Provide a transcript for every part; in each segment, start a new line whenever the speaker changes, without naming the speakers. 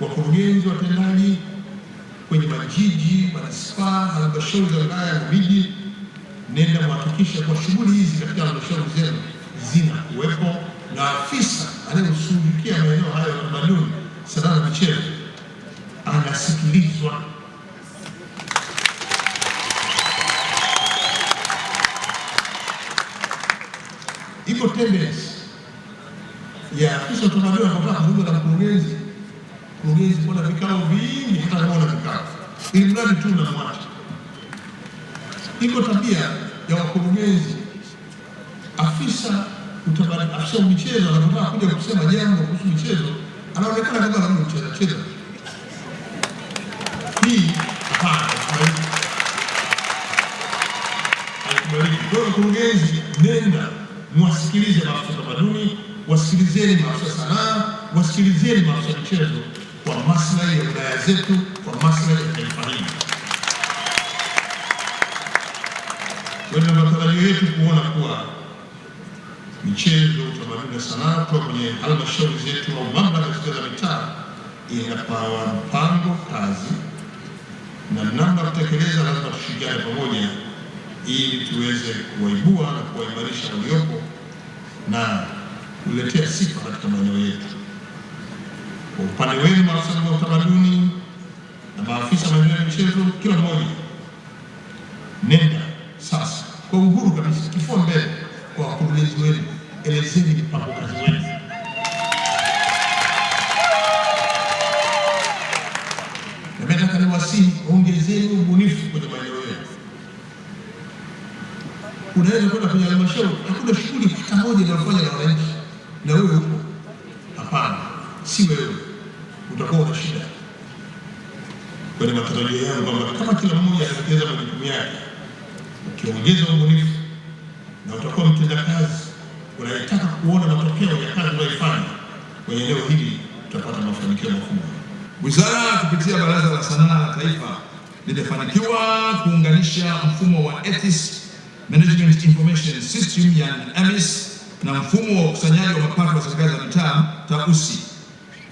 wakurugenzi watendaji kwenye majiji, manispaa, halmashauri za wilaya na miji, nenda kuhakikisha kwa shughuli hizi katika halmashauri zenu zinakuwepo, na afisa anayeshughulikia maeneo hayo ya utamaduni, sanaa na michezo anasikilizwa. Iko tendensi ya afisa utamaduni anapotaka kuzungumza na mkurugenzi mgeni kuna vikao vingi, tutaona vikao ili mradi tu namwacha. Iko tabia ya wakurugenzi, afisa utabadi, afisa michezo anataka kuja kusema jambo kuhusu michezo, anaonekana kama anacheza cheza. Hii kwa wakurugenzi, nenda mwasikilize maafisa tamaduni, wasikilizeni maafisa sanaa, wasikilizeni maafisa michezo kwa maslahi ya wilaya zetu, kwa maslahi ya taifa hili. matarajio yetu kuona kuwa michezo, utamaduni na sanaa kutoka kwenye halmashauri zetu au mamlaka zetu za mitaa inapawa mpango kazi na namna kutekeleza. Lazima tushirikiane pamoja ili tuweze kuwaibua na kuwaimarisha waliopo na kuletea sifa katika maeneo yetu. Kwa upande wenu maafisa wa utamaduni na maafisa maendeleo ya michezo, kila mmoja nenda sasa kwa uhuru kabisa, kifua mbele kwa wakurugenzi wenu, elezeni mpango kazi wenu. Nataka niwasihi, ongezeni ubunifu kwenye maeneo yenu. Unaweza kwenda kwenye halmashauri, hakuna shughuli hata moja inayofanya na wananchi na wewe huko. Hapana, si wewe matarajio yangu kwamba kama kila mmoja anatekeleza majukumu yake, ukiongeza ubunifu na utakuwa mtendakazi unayetaka kuona matokeo ya kazi unayoifanya kwenye eneo hili, tutapata mafanikio makubwa. Wizara kupitia Baraza la Sanaa la Taifa limefanikiwa kuunganisha mfumo wa ETIS Management Information System yani AMIS na mfumo wa ukusanyaji wa mapato wa serikali za mitaa TAUSI,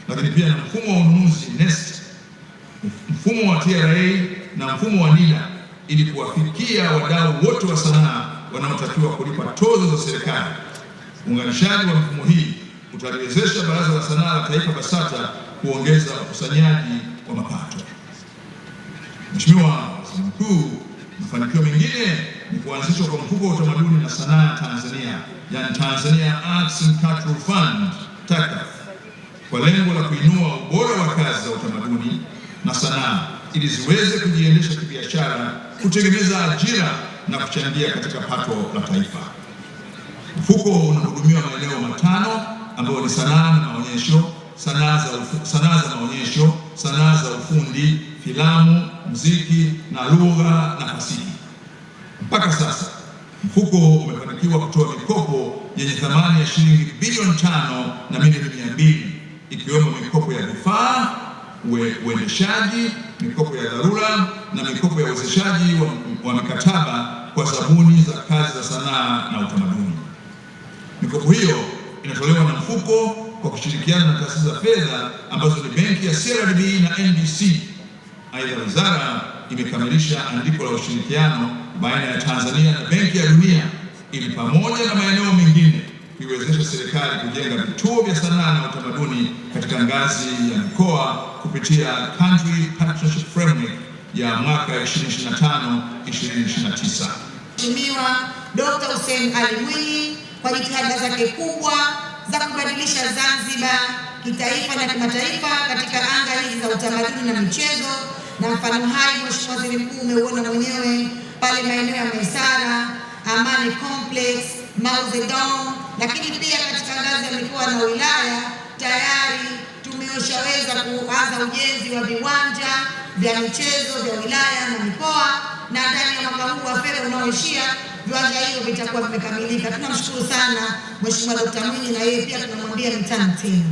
lakini pia na mfumo wa ununuzi NEST mfumo wa TRA na mfumo wa NIDA ili kuwafikia wadau wote wa sanaa wanaotakiwa kulipa tozo za serikali. Uunganishaji wa mfumo hii utaliwezesha Baraza la Sanaa la Taifa BASATA kuongeza ukusanyaji wa mapato. Mheshimiwa Waziri Mkuu, mafanikio mengine ni kuanzishwa kwa mfuko wa utamaduni na sanaa Tanzania, yani Tanzania Arts and Cultural Fund TACF, kwa lengo la kuinua ubora wa kazi sanaa ili ziweze kujiendesha kibiashara, kutengeneza ajira na kuchangia katika pato la taifa. Mfuko unahudumiwa maeneo matano ambayo ni sanaa na maonyesho, sanaa za sanaa za maonyesho, sanaa za ufundi, filamu, muziki na lugha na fasihi. Mpaka sasa mfuko umefanikiwa kutoa mikopo yenye thamani ya shilingi bilioni tano na milioni mia mbili ikiwemo mikopo ya vifaa uendeshaji, mikopo ya dharura na mikopo ya uwezeshaji wa, wa mikataba kwa zabuni za kazi za sanaa na utamaduni. Mikopo hiyo inatolewa na mfuko kwa kushirikiana na taasisi za fedha ambazo ni benki ya CRDB na NBC. Aidha, wizara imekamilisha andiko la ushirikiano baina ya Tanzania na Benki ya Dunia ili pamoja na maeneo mengine kuiwezesha serikali kujenga vituo vya sanaa na utamaduni katika ngazi ya mkoa kupitia Country Partnership Framework ya mwaka 2025 2029.
Mheshimiwa Dr. Hussein Ali Mwinyi kwa jitihada zake kubwa za kubadilisha Zanzibar kitaifa na kimataifa katika anga hizi za utamaduni na michezo, na mfano hai Mheshimiwa Waziri Mkuu umeuona mwenyewe pale maeneo ya Maisara, Amani Complex, Mao Zedong lakini pia katika ngazi ya mikoa na wilaya tayari tumeshaweza kuanza ujenzi wa viwanja vya michezo vya wilaya na mikoa, na ndani ya mwaka huu wa fedha unaoishia viwanja hivyo vitakuwa vimekamilika. Tunamshukuru sana Mheshimiwa Dkt. Mwinyi, na yeye pia tunamwambia mitano tena.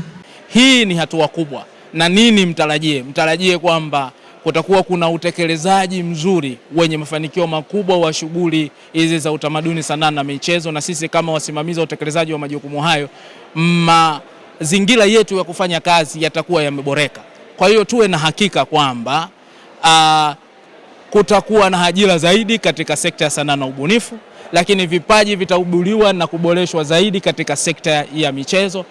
Hii ni hatua kubwa, na nini mtarajie? Mtarajie kwamba kutakuwa kuna utekelezaji mzuri wenye mafanikio makubwa wa shughuli hizi za utamaduni, sanaa na michezo, na sisi kama wasimamizi wa utekelezaji wa majukumu hayo, mazingira yetu ya kufanya kazi yatakuwa yameboreka. Kwa hiyo tuwe na hakika kwamba ah, kutakuwa na ajira zaidi katika sekta ya sanaa na ubunifu, lakini vipaji vitaubuliwa na kuboreshwa zaidi katika sekta ya michezo.